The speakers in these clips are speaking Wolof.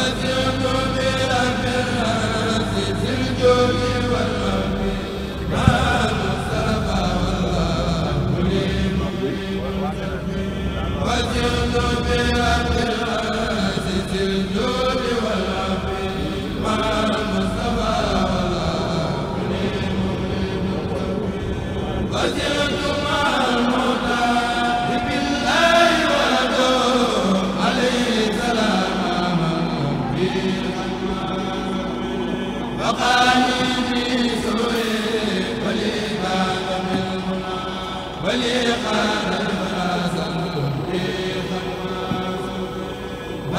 Muhammad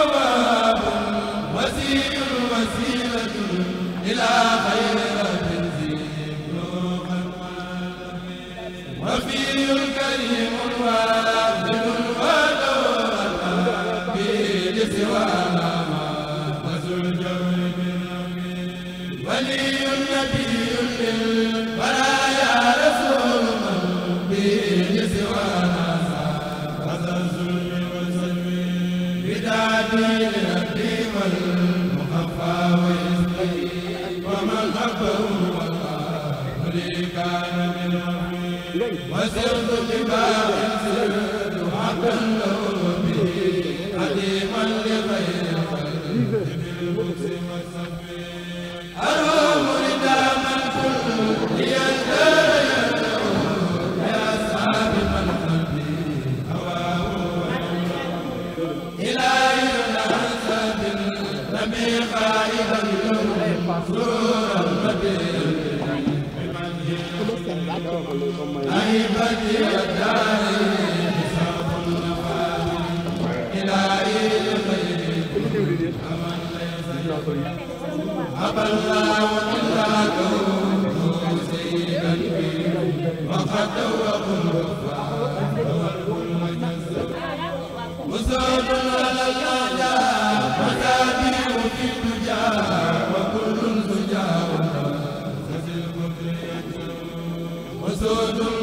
وباب وسيل وسيلة إلى خير Thank you. وقد وقلوب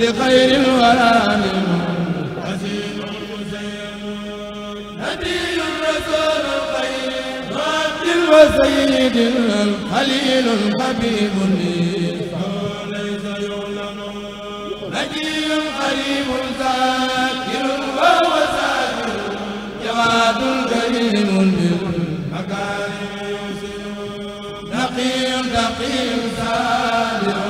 لخير الورى منه حسين المزين نبي رسول خير عبد وسيد خليل حبيب ليس يعلم نجي قريب ذاكر وهو ساكر جواد كريم مكارم نقي تقي صالح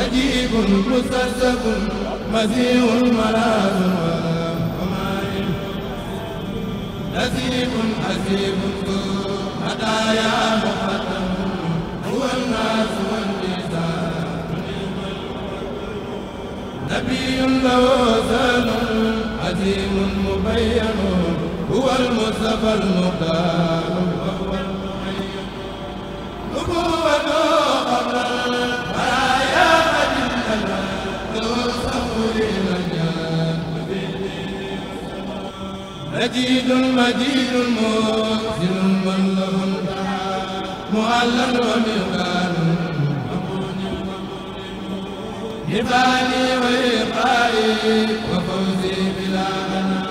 نجيب مسرسب مزيع ملاذ نزيب حسيب هدايا مقدم هو الناس والنساء نبي له زان عزيم مبين هو المصطفى المختار مجيد المجيد المحسن من له مؤلم ومقال هبالي وإبقائي وفوزي بلا غنى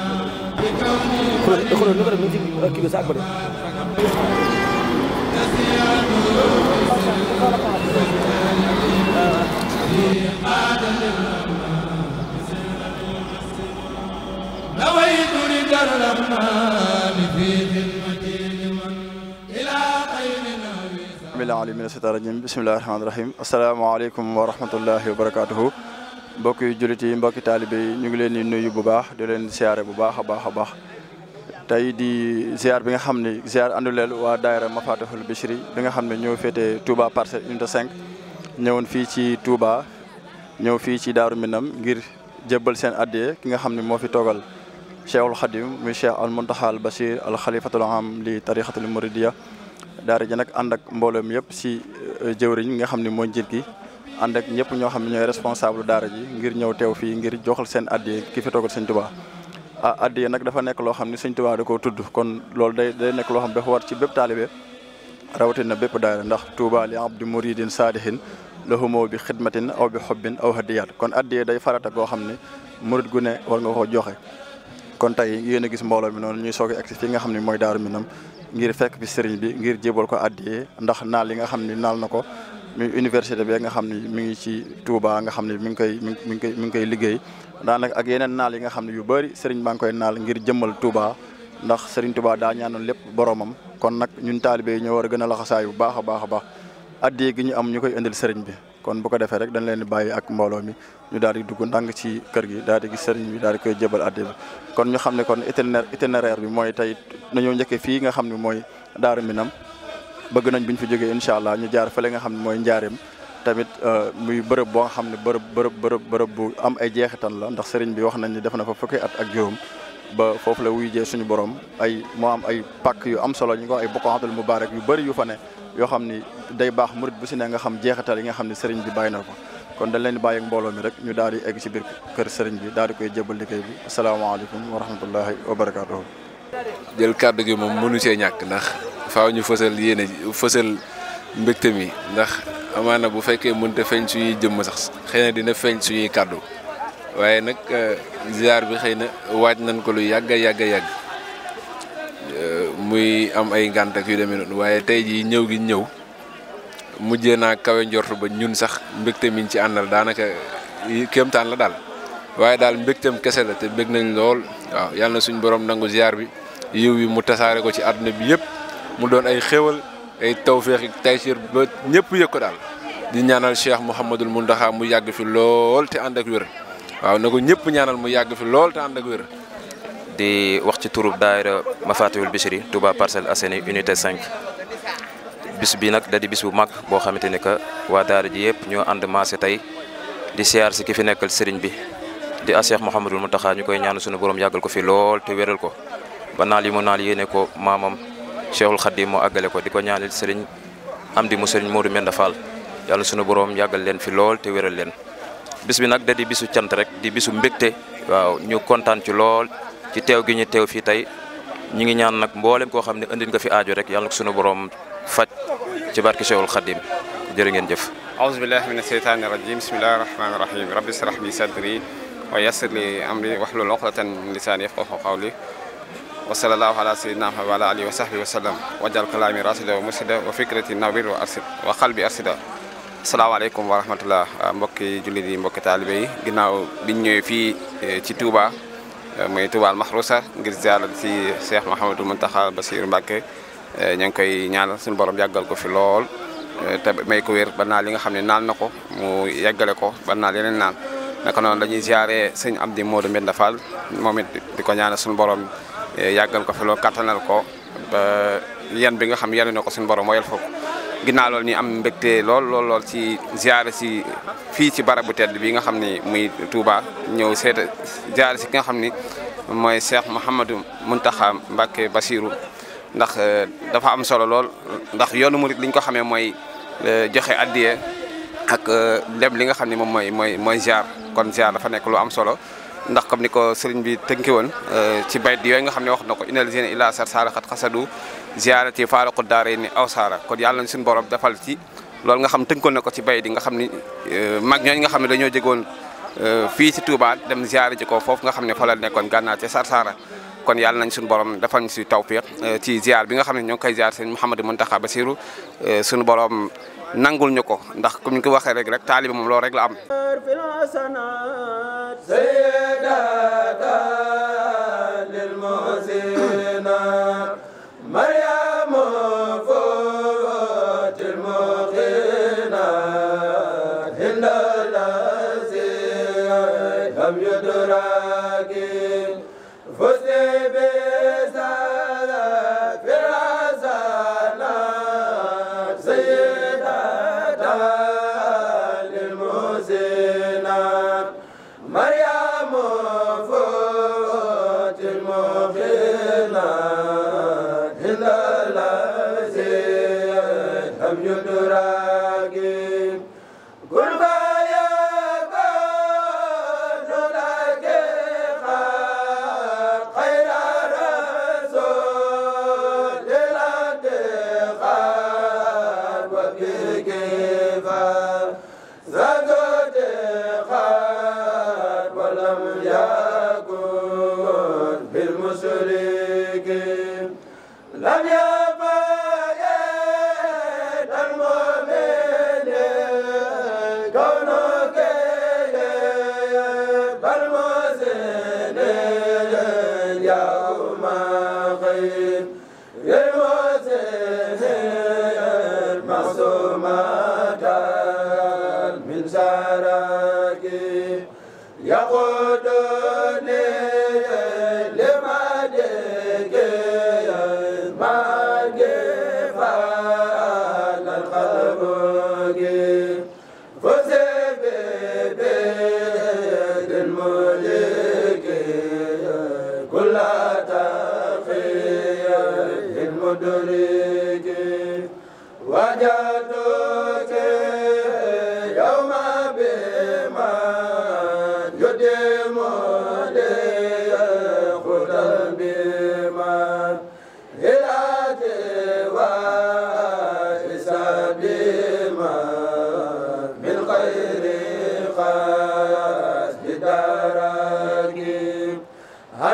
بكوني ادخلوا النبرة من جيب ركبوا ساعة كبيرة في قادة الأمة نويت alim mina seytaan rajim bismillahi rahmaani rahim asalaamaaleykum wa rahmatullahi wa barakatuhu mbokki jullit yi mbokki taalibe yi ñu ngi leen di nuyu bu baax du leen ziare bu baax a baax a baax tey di ziar bi nga xam ne ziar anduleel waa daayira Mafatihul Bichri bi nga xam ne ñoo féetee Touba Parcelles Unité 5 ñëwoon fii ci Touba ñëw fii ci Daaru Minam ngir jébbal seen addiyee ki nga xam ne moo fi toogal cheikhul xadim muy cheikh al muntaxa al basir al xalifatul am li tarixatul muridiya daara ji nag àndak ak mbooloom yëpp si eh, jëwriñ nga xam ne mooy njiit gi ànd ak ñëpp ñoo xam ne ñooy responsable daara ji ngir ñëw teew fii ngir joxal seen yi ki fi toogal sëñ tubaa ah addiye nag dafa nekk loo xam ne sëñ tubaa da koo tudd kon loolu day day nekk loo xam ne dafa war ci bépp taalibe na bépp daara ndax tuuba li abdi muridin saadihin lahumoo bi xidmatin aw bi xobbin aw hadiyat kon addiye day farata goo xam ne murid gu ne war nga ko joxe kon tey yéen gis mbooloo mi noonu ñuy soog a agsi fii nga xam ne mooy Daaru Minam ngir fekk bi sëriñ bi ngir jébal ko àddiyee ndax naal yi nga xam ne naal na ko muy université bee nga xam ne mi ngi ci Touba nga xam ne mi ngi koy mi koy mi ngi koy liggéey daanaka ak yeneen naal yi nga xam ne yu bëri sëriñ baa ngi koy naal ngir jëmmal Touba ndax sëriñ Touba daa ñaanoon lépp boromam kon nag ñun taalibe yi ñoo war a gën a laxasaayu bu baax a baax a baax àddiyee gi ñu am ñu koy indil sëriñ bi kon bu ko defee rek dañ leen di bàyyi ak mbooloo mi ñu daal di dugg ndànk ci kër gi daal di gis sëriñ bi daal di koy jébal addi bi kon ñu xam ne kon itinéraire itinéraire bi mooy tey nañoo njëkkee fii nga xam ne mooy Daaru Minam bëgg nañ bu ñu fi jógee incha allah ñu jaar fële nga xam ne mooy njaareem tamit euh, muy bërëb boo nga xam ne bërëb bërëb bërëb bu am ay jeexitan la ndax sëriñ bi wax nañ ni def na fa fukki at ak juróom ba foofu la wuy jee suñu borom ay moo am ay pàkk yu am solo ñu ko ay bokkoxatul mubaarak yu bari yu fa ne yoo xam ni day baax murit bu si ne nga xam jeexital yi nga xam ni sëriñ bi bàyyi na ko kon dañ leen di bàyyi ak mbooloo mi rek ñu daal di egg ci biir kër sëriñ bi daal di koy jébal liggéey bi asalaamaaleykum wa rahmatullahi wa barakaatuhu jël kàddu gi moom mënu see ñàkk ndax faaw ñu fësal yéene fësal mbégte mi ndax amaana bu fekkee mënta feeñ suñuy jëmm sax xëy na dina feeñ suñuy kàddu waaye nag euh, ziar bi xëy na waaj nañ ko lu yàgg a yàgg a yàgg muy am ay ngànt ak yu demee noonu waaye tey jii ñëw gi ñëw mujjee naa kawe njort ba ñun sax mbégte mi ci àndal daanaka kéemtaan la daal waaye daal mbégteem kese la te bég nañ lool waaw yàlla na suñu borom nangu ziar bi yiw bi mu tasaare ko ci àdduna bi yëpp mu doon ay xéwal ay tawféex ak taysiir ba ñëpp yëg ko daal di ñaanal Cheikh Mouhamadul Mountakha mu yàgg fi lool te ànd ak wér waaw na ko ñëpp ñaanal mu yàgg fi lool te ànd ak wér. di wax ci turub ma Mafatihul Bichri Touba Parcelles Assainies unité 5 bis bi nag da di bis bu mag boo xamante ni que waa daara ji yëpp ñoo ànd maase tey di siyaar si ki fi nekkal sëriñ bi di a Cheikh Mouhamadul Mountakha ñu koy ñaanu suñu borom yàggal ko fi lool te wéral ko ba naal yi mu naal yéene ko maamam Cheikhul Khadim moo àggale ko di ko ñaanal sëriñ am di mu sëriñ Modou Menda Fall yàlla suñu borom yàggal leen fi lool te wéral leen bis bi nag da di cant rek di bisu mbégte waaw ñu kontaan ci lool ci teew gi ñu teew fii tey ñi ngi ñaan nag mboolem koo xam ne andin nga fi aajo rek yàlla na ko sunu borom faj ci barke Cheikhul Khadim jërë ngeen jëf aouzu billahi mina sheytaani rajim bismillahi rahmaani rahim rabbi shrah li sadri wa yassir li amri wahlul uqdatan min lisaani yafqahu qawli wa sallallahu ala sayyidina Muhammad wa ala alihi wa sahbihi wa sallam wajal kalaami rasida wa mursida wa fikrati nawir wa arsid wa qalbi arsida asalaamaaleykum wa rahmatullah mbokki jullit yi mbokki taalibe yi ginnaaw biñ ñëwee fii eh, ci Touba muy Touba Mahrousa ngir ziaral ci Cheikh Mouhamadou Mountakha Bassirou Mbacké eh, ña ngi koy ñaan suñu borom yàggal ko fi lool eh, te may ko wér ba naa li nga xam ne naan na ko mu yeggale ko ba naa yeneen naan naka noonu dañuy ziare sëñ di Modou Mbenda Fall moom it di ko ñaanal suñu borom eh, yàggal ko fi lool ko ba yan bi nga xam yenu na ko suñu borom mooyal foofu ginnaaw loolu ñu am mbégte lool lool lool ci ziare si fii ci barabu tedd bi nga xam ni muy Touba ñëw seet ziare si ki nga xam ni mooy Cheikh Mouhamadou Mountakha Mbacké Bassirou ndax euh, dafa am solo lool ndax yoonu murid li ñu ko xamee mooy euh, joxe addiye ak dem euh, li nga xam ne moom mooy mooy mooy ziar kon ziar dafa nekk lu am solo ndax comme ni ko sëriñ bi tënki woon ci bayt yooyu nga xam ne wax na ko inal zine ila sar saaraxat xasadu ziarati faaraqu aw saara kon yàlla na suñu boroom defal ci loolu nga xam tënkoon na ko ci bay di nga xam ni euh, mag ñooñu nga xam ne dañoo jégoon euh, fii ci Touba dem ziare ji ko foofu nga xam ne fa la nekkoon gànnaar ca Sarsara kon yàlla nañ suñu borom defal ñu si tawfiq euh, ci ziar bi nga xam ne ñoo ngi koy ziar seen Mouhamadou Mountakha Bassirou suñu boroom nangul ñu ko ndax comme ñu ko waxee rek rek taalibe moom loolu rek la am. يكن بالمسرك لم يكن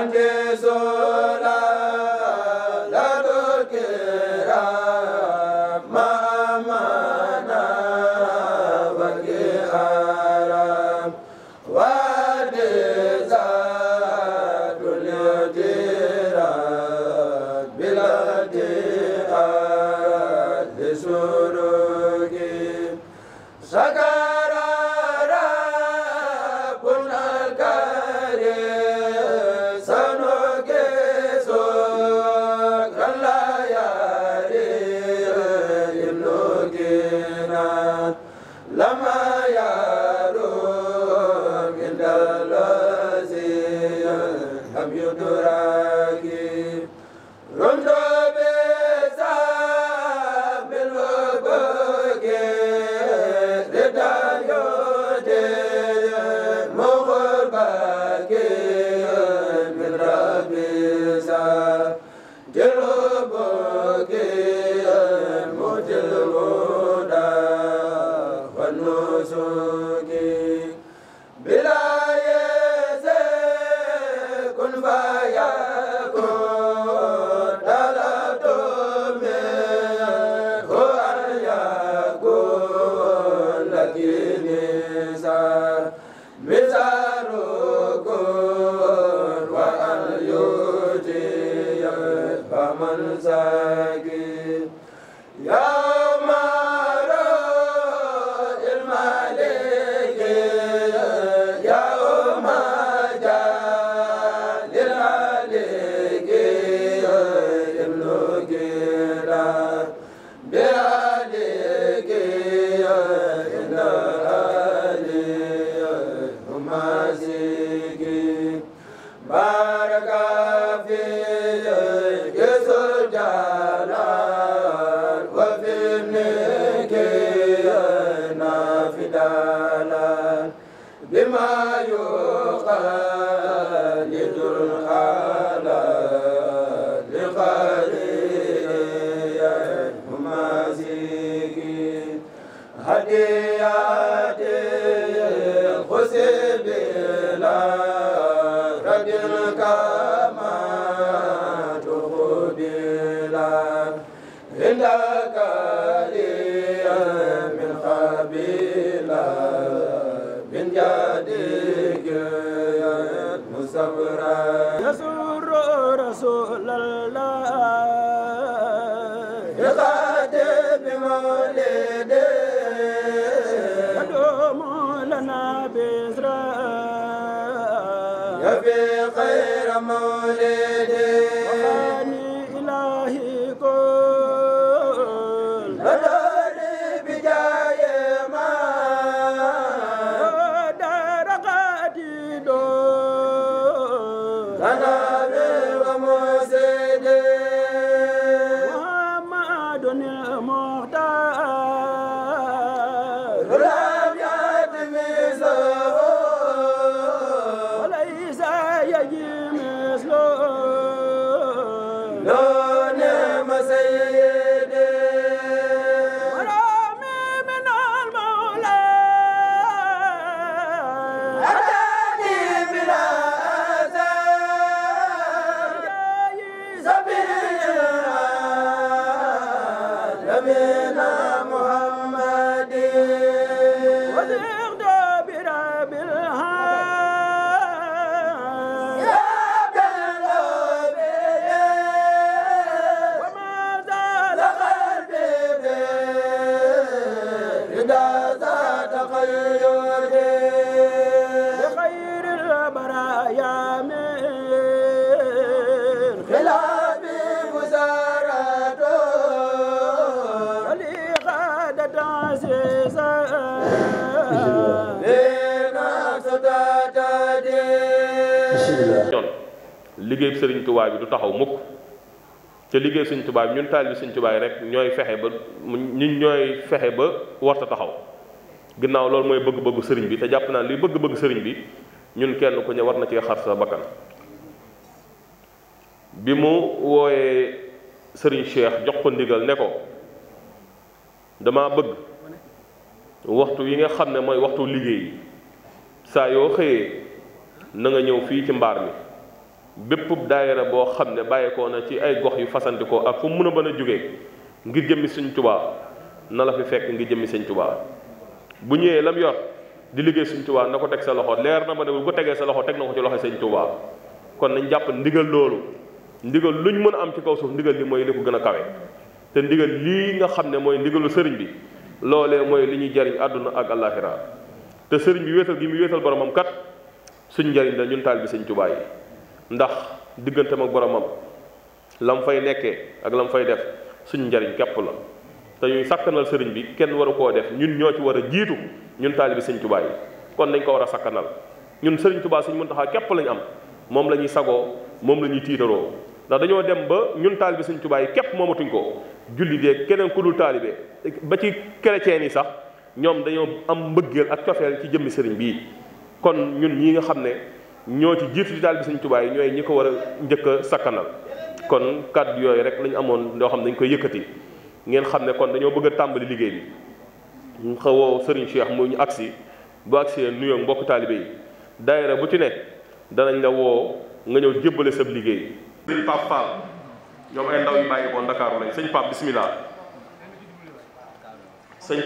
ande so النزول هديات الخسر بلا رد كان te liggéey Sëñ Tuubaa ñun taal bi Sëñ Tuubaa rek ñooy fexe ba mu ñun ñooy fexe ba warta taxaw ginnaaw loolu mooy bëgg-bëggu sëriñ bi te jàpp naa li bëgg-bëgg sëriñ bi ñun kenn ku ne war na cee xar sa bakkan bi mu wooyee sëriñ Cheikh jox ko ndigal ne ko dama bëgg waxtu yi nga xam ne mooy waxtu liggéey saa yoo xëyee nanga ñëw fii ci mbaar mi bépp daayira boo xam ne bàyyeekoo na ci ay gox yu fasanti ko ak fu mu mën a mën a jógee ngir jëmmi Sëñ Tuubaa na la fi fekk ngir jëmmi Sëñ Tuubaa bu ñëwee lam yor di liggéey Sëñ Tuubaa na ko teg sa loxo leer na ma ne bu ko tegee sa loxo teg na ko ci loxo Sëñ Tuubaa kon nañ jàpp ndigal loolu ndigal lu luñ mën a am ci kaw suuf ndigal li mooy li ko gën a kawe te ndigal lii nga xam ne mooy ndigalu sëriñ bi loolee mooy li ñuy jariñ àdduna ak àllaaxira te sëriñ bi wéetal gi mu wéetal boromam kat suñ njariñ la ñun bi Sëñ Tuubaa ndax diggante ak boromam lam fay nekkee ak la mu fay def suñu njariñ kepp la te ñuy sakkanal sëriñ bi kenn waru koo def ñun ñoo ci war a jiitu ñun taalibi sëñ Tuubaa yi kon dañ ko war a sakkanal ñun sëriñ Tuubaa sëñ Muntaxaa képp lañ am moom la ñuy sagoo moom la ñuy tiitaroo ndax dañoo dem ba ñun taalibi sëñ Tuubaa yi képp moomatuñ ko julli keneen ku dul taalibe ba ci chrétien yi sax ñoom dañoo am mbëggeel ak cofeel ci jëmmi sëriñ bii kon ñun ñi nga xam ne ñoo ci jiitu ci daal bi Sëñ Tuubaa yi ñooy ñi ko war a njëkk a kon kàddu yooyu rek lañu amoon loo xam ne dañ koy yëkkati ngeen xam ne kon dañoo bëgg a tàmbali liggéey bi ñu xawoo Serigne Cheikh mu ñu agsi bu agsee nuyoo mbokk taalibe yi daayira bu ci ne danañ la woo nga ñëw jébbale sab liggéey. sëñ Pape Fall ñoom ay ko Ndakaaru lañ sëñ Pape bismillah sëñ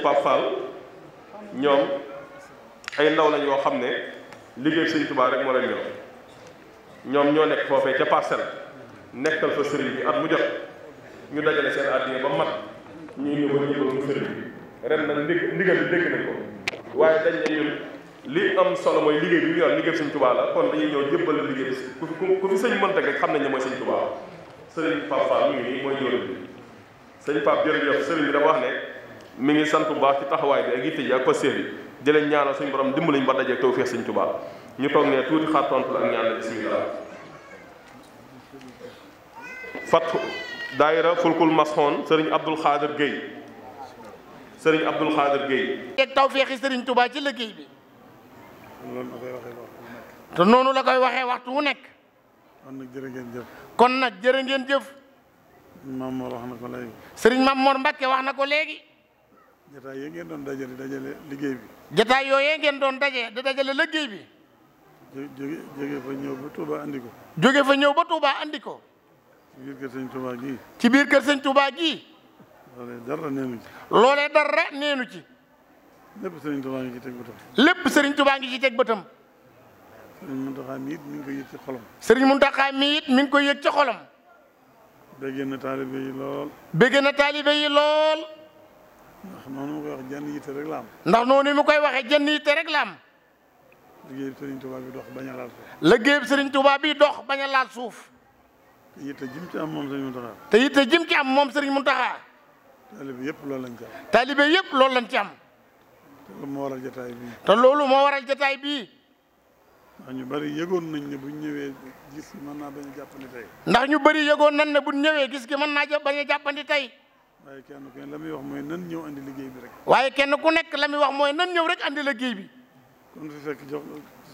ñoom ay ndaw lañ yoo xam ne. liggéey sëñ Tuubaa rek moo leen ñor ñoom ñoo nekk foofee ca parcelle nekkal fa sëriñ bi at mu jot ñu dajale seen addiya ba mat ñuy ñëw ñu ñëw sëriñ bi ren nag ndi ndigal bi dégg nañ ko waaye dañ am solo mooy liggéey bi ñu yor liggéey sëñ Tuubaa la kon dañuy ñëw jébbal liggéey bi ku ku fi sëñ mënta rek xam nañ ne mooy sëñ Tuubaa sëriñ Pape Fall mi ngi nii mooy jëriñ bi sëñ Pape jërëjëf sëriñ bi dafa wax ne mi ngi sant bu baax ci taxawaay bi ak yitte ji ak pastéef yi di leen suñ borom dimbali ñu ba dajeeg tawfeex Sëñ Tuubaa ñu toog ne tuuti xaar tontu la ak ñaan la bismillah fatu daayira fulkul masxoon sëriñ Abdul Xaadir Guèye sëriñ Abdul Xaadir Guèye. teg tawfeexi sëriñ Tuubaa ci liggéey bi. te noonu la koy waxee waxtu wu nekk. kon nag jërë ngeen jëf. kon nag jërë ngeen jëf. Maam wax na ko léegi. sëriñ Maam Mor wax na ko léegi. jataay yooyu ngeen doon dajale dajale liggéey bi. jataay yooyu ngeen doon daje da dajale liggéey bi. jóge jóge fa ñëw ba Touba andi ko. jóge fa ñëw ba Touba andi ko. ci biir kër sëñ Touba gii. ci biir kër sëñ Touba gii. loolee dara neenu ci. loolee dara neenu ci. lépp sëriñ Touba ngi ci teg bëtam. lépp sëriñ Touba ngi ci teg bëtam. sëriñ Mountakha mi it mi ngi koy yëg ci xolam. sëriñ Mountakha mi it mi ngi koy yëg ci xolam. bëgg na taalibe yi lool. bëgg na taalibe yi lool. ndax noonu mu koy wax jenn yitte rek la ndax noonu mu koy waxee jenn yitte rek la am. liggéeyub Serigne Touba bi dox bañ a laal suuf. liggéeyub Serigne Touba bi dox bañ a laal suuf. te yitte jim ci am moom Serigne Mountakha. te yitte jim ci am moom Serigne Mountakha. taalibe yëpp loolu lañ ci taalibe yëpp loolu lañ ci am. te loolu te loolu moo waral jotaay bii. ndax ñu bari yëgoon nañ ne bu ñëwee gis gi mën naa bañ a jàppandi ndax ñu bari yëgoon nañ ne bu ñëwee gis gi mën naa bañ a jàppandi tey. waaye kenn ku ne la muy wax mooy nan ñëw andi liggéey bi rek. waaye kenn ku nekk la muy wax mooy nan ñëw rek andi liggéey bi. kun fi fekk jox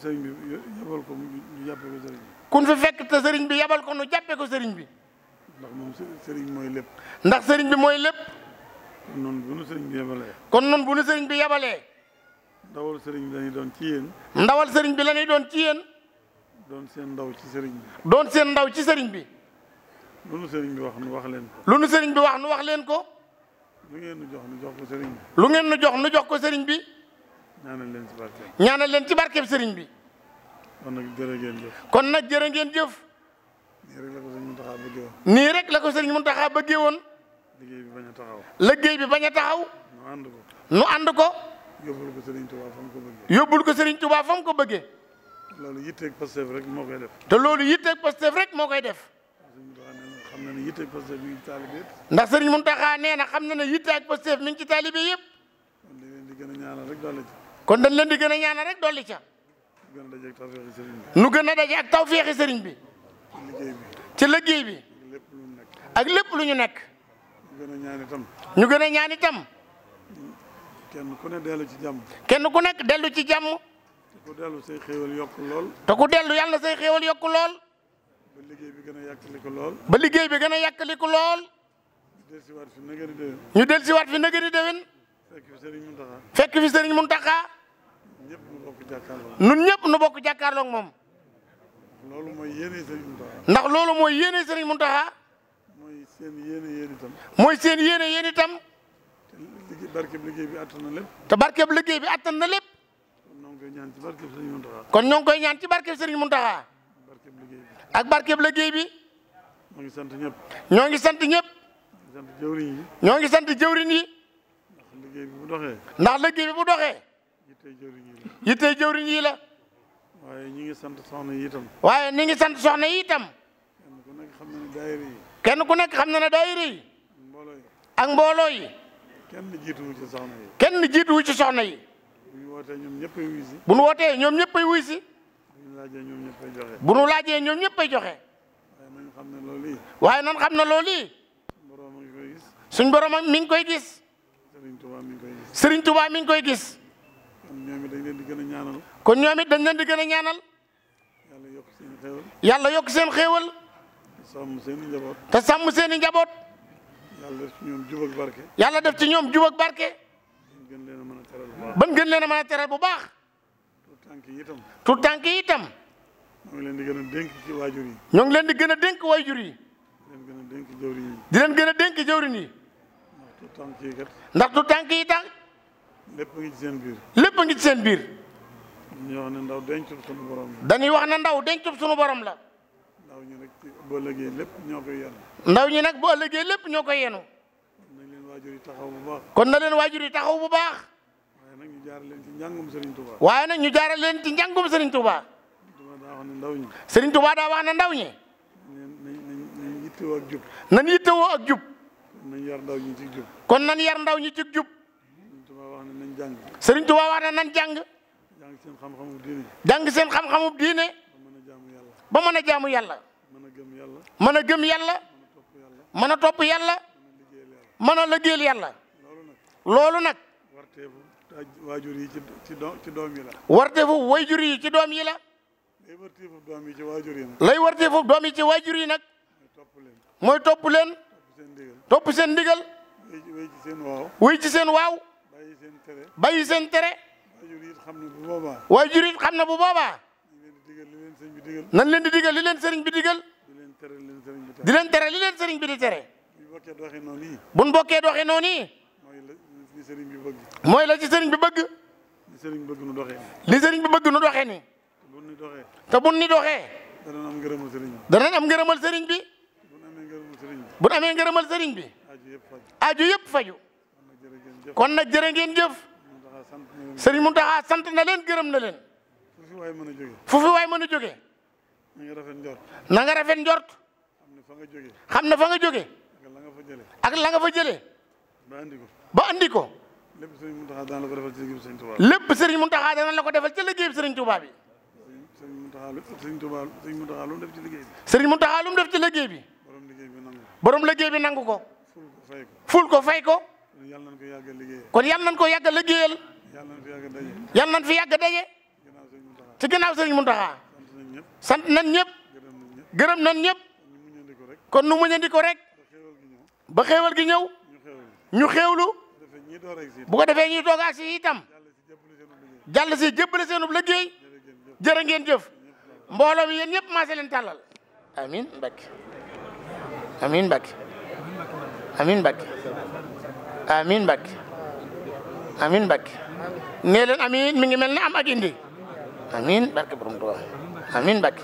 sëriñ bi yabal ko fekk sëriñ bi yabal ko nu jàppee ko sëriñ bi. ndax moom sëriñ mooy lépp. ndax sëriñ bi mooy lépp. kon noonu bu nu sëriñ bi yabalee. kon noonu bu nu sëriñ bi yabalee. ndawal sëriñ bi la doon ci yéen. ndawal sëriñ bi la ñuy doon ci yéen. doon seen ndaw ci sëriñ bi. doon seen ndaw ci sëriñ bi. lu nu sëriñ bi wax nu wax leen ko. lu nu sëriñ bi wax leen ko. lu ngeen nu jox nu jox ko sëriñ bi. ngeen nu jox nu jox ko sëriñ bi. ñaanal leen ci barkeem. leen ci barkeem sëriñ bi. kon nag jërë ngeen jëf. kon nag jërë ngeen jëf. nii rek la ko sëriñ Mountakha bëggee woon. nii rek la ko sëriñ Mountakha bëggee woon. liggéey bi bañ a taxaw. léggéey bi bañ a taxaw. nu ànd ko. nu ànd ko. yóbbul ko sëriñ Touba fa mu ko bëggee. yóbbul ko sëriñ Touba fa ko bëggee. loolu yitteeg Pastef rek moo koy def. te loolu yitteeg Pastef rek moo koy def. ndax sëriñ Muntaxa nee na xam na ne yitte ak Pastef mi ngi ci taalibe yëpp. kon dañ leen di gën a ñaanal rek dolli ca. nu gën a daje ak tawféexi sëriñ bi. ci liggéey bi. ak lépp lu ñu nekk. ñu gën a ñaan ñu gën a ñaan itam. kenn ku ne dellu ci jàmm. kenn ku nekk dellu ci jàmm. te ku dellu say xéewal yokku lool. te ku dellu yàlla na say xéewal yokku lool. ba liggéey bi gën a yàkkali ko lool. ba liggéey bi gën a yàkkali ko lool. ñu dellusiwaat fi nagari déwén. ñu dellusiwaat fi nagari déwén. fekk fi Serigne Mountakha. fekk fi Serigne Mountakha. ñëpp nu bokk jàkkaarloo. ñun ñëpp bokk jàkkaarloo moom. loolu mooy yéene Serigne ndax loolu mooy yéene Serigne Mountakha. mooy seen yéene yéen mooy seen yéene yéen itam. te barkeb liggéey bi attan na lépp. te barkeb liggéey bi attan na lépp. kon ñoo koy ñaan ci barkeb Serigne Mountakha. kon ñoo koy ñaan ci barkeb Serigne Mountakha. barkeb liggéey ak barkeeb liggéey bi. ñoo ngi sant ñëpp. ñoo ngi sant ñëpp. ñoo ngi sant jëwriñ yi. ñoo ngi sant jëwriñ yi. ndax liggéey bi bu doxee. ndax liggéey bi bu doxee. yittey jëwriñ yi la. yittey jëwriñ yi la. waaye ñi ngi sant soxna yi itam. waaye ñi ngi sant soxna yi itam. kenn ku nekk xam na ne daayira yi. kenn ku nekk xam na ne daayira yi. ak mbooloo yi. kenn jiituwu ci soxna yi. kenn jiituwu ci soxna yi. bu ñu wootee ñoom ñëppay wuy si. bu ñu wootee ñoom ñëppay wuy si. bu nu laajee ñoom ñëpp ay joxe. waaye nan xam na loolu yi. suñ borom mi ngi koy gis. Serigne Touba mi ngi koy gis. Serigne Touba mi ngi koy gis. kon ñoom it dañ leen di gën a ñaanal. kon ñoom it dañ di gën a ñaanal. yàlla yokk seen xéewal. yàlla yokk seen xéewal. te sàmm seen i njaboot. te sàmm seen i njaboot. yàlla def ci ñoom jub ak barke. yàlla def ci ñoom jub ak barke. ban gën leen a mën bu baax. tànk yi itam. tout tànk yi itam. ñoo ngi leen di gën a dénk ci waajur yi. ñoo ngi leen di gën a dénk waajur yi. di leen gën a dénk jëwriñ yi. di leen gën a dénk jëwriñ yi. ndax tout tànk yi kat. ndax tout tànk yi itam. lépp ngi ci seen biir. lépp ngi ci seen biir. dañuy wax ne ndaw dencub sunu borom la. dañuy wax ne ndaw dencub sunu borom la. ndaw ñi nag bu ëllëgee lépp ñoo koy yenu. ndaw ñi nag bu ëllëgee lépp ñoo koy yenu. kon na leen waajur yi taxaw bu baax. waaye nag ñu jaaral leen ci njàngum Serigne Touba. Serigne Touba daa wax ne ndaw ñi. nañ yittewoo ak jub. nañ yittewoo ak jub. nañ yar ndaw ñi ci jub. kon nañ yar ndaw ñi ci jub. Serigne Touba wax ne nañ jàng. jàng seen xam-xamu diine. jàng seen xam-xamu diine. ba mën a jaamu yàlla. mën a gëm yàlla. mën a gëm yàlla. mën a topp yàlla. mën la liggéeyal yàlla. loolu nag. waajur yi ci ci doom yi la. warteefu waajur yi ci doom yi la. lay doom yi ci waajur yi nag. lay warteefu doom yi ci waajur yi nag. mooy topp leen. topp seen ndigal. wéy ci seen waaw. wéy ci seen waaw. bàyyi seen tere. bàyyi seen tere. waajur yi xam na bu boobaa. waajur yi xam na bu boobaa. nañ leen di digal li leen sëriñ bi digal. di leen tere li leen sëriñ bi di tere. bu ñu bokkee doxee noonu yi. sëriñ bi bëgg. mooy la ci sëriñ bi bëgg. li sëriñ bi bëgg nu doxee nii. li sëriñ bi bëgg nu doxee te bun ni doxee. te bun ni doxee. danañ am ngërëmal sëriñ bi. danañ am ngërëmal sëriñ bi. bu amee ngërëmal sëriñ bi. aju yëpp faju kon na jërë ngeen jëf. sëriñ Mountakha sant na leen gërëm na leen. fu fi waay mën a jógee. fu fi waay mën a jógee. na nga rafet njort. na nga rafet njort. xam na fa nga jógee. xam ne fa nga jógee. ak la fa jëlee. ak la fa jëlee. ba andi ko ba andi ko. lépp Serigne Mountakha dana la ko defal ci liggéeyu Serigne Touba bi. lépp Serigne Mountakha dana la ko defal ci liggéeyu bi. Serigne Mountakha lu Serigne Touba lu mu def ci liggéey bi. Serigne Mountakha lu bi. nangu ko. borom liggéey bi ko. ful ko fay ko. ful ko ko. kon yal nañu ko yàgg a liggéeyal. kon yal nañu ko a liggéeyal. yal nañu fi yàgg a daje. yal nañu fi yàgg a daje. ci ginnaaw Serigne Mountakha. sant nañ ñëpp. gërëm nañ ñëpp. kon nu muñandi ko rek. ba xéewal gi ñëw. ñu xewlu bu ko defee ñuy toog ak si itam jàll si jébbale seenub liggéey jërë ngeen jëf mbooloo mi yéen ñëpp maase leen tàllal amin Mbacke amin Mbacke amin mbak amin Mbacke amin Mbacke amin mi ngi mel ne am ak indi amin barke borom Tuubaa amin Mbacke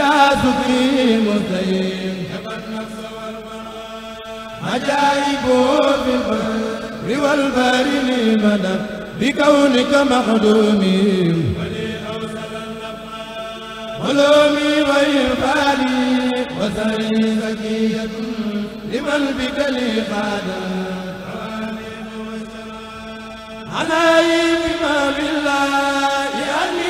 بلا سكري مستقيم حبت نفس والبراء عجائب في البر والبر لمدى بكونك مخدومي ولي أوصل النفع علومي وإنفالي وسري زكية لمن بك لي قادم عناي بما بالله أني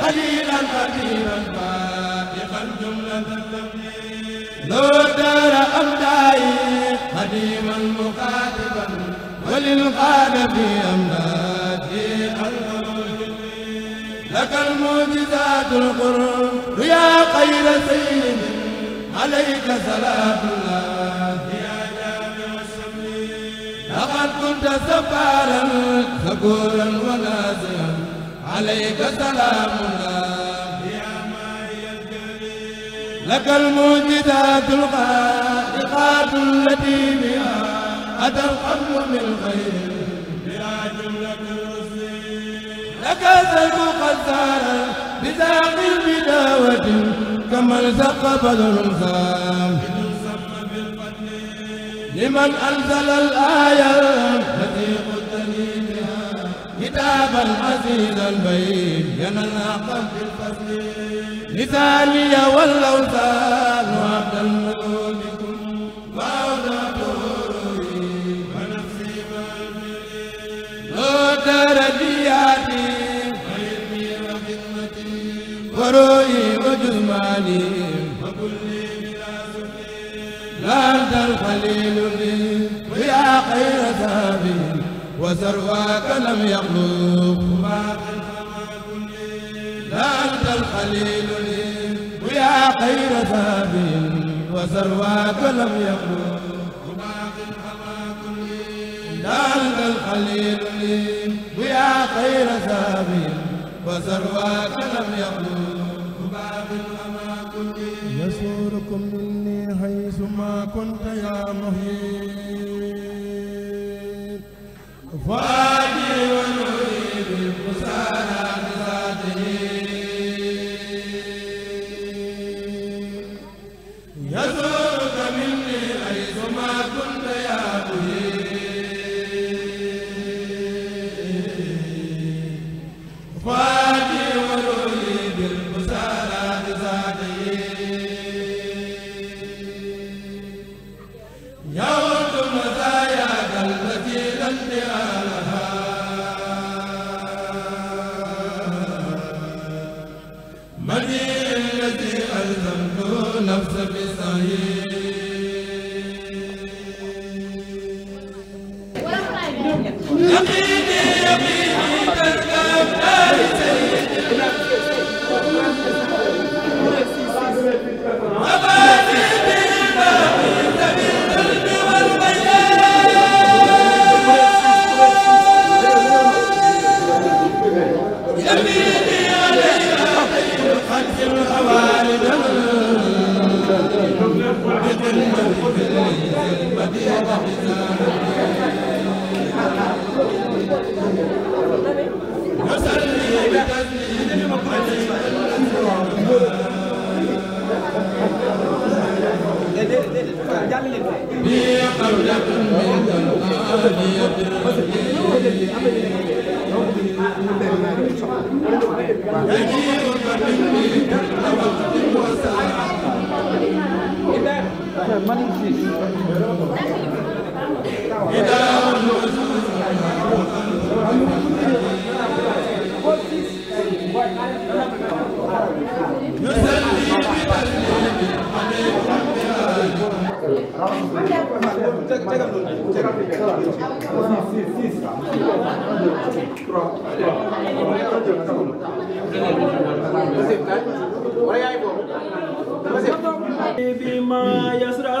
خليلا قديما بائقا جملة التبليغ لو دار أمدائي قديما مخاطبا وللغالب أمدائي لك المعجزات القرب يا خير سيد عليك صلاة الله يا جامع السبيل لقد كنت سفارا ثبورا ونازلا عليك سلامنا يا ما يجري لك الموجدات الخارقات التي بها أتى القبل من خير يا جملة الرسل لك سلك قزارا بذاق البداوة كما التقى بدر سام لمن أنزل الآية التي كتاب العزيز البين ينال قلب الفصل لساني والأوثان وعبد الملوككم وأولاد روحي ونفسي والبلد نوت ردياتي وعلمي وخدمتي وروحي وجزماني وكلي بلا سفلي لا أنت الخليل لي ويا خير ذهبي وثرواك لم يخلق باطل فما كنت لا أنت الخليل لي ويا خير ثابت وثرواك لم يخلق باطل فما كنت لا أنت الخليل لي ويا خير ثابت وثرواك لم يخلق باطل فما كنت يسوركم مني حيث ما كنت يا مهيب waa بما يسره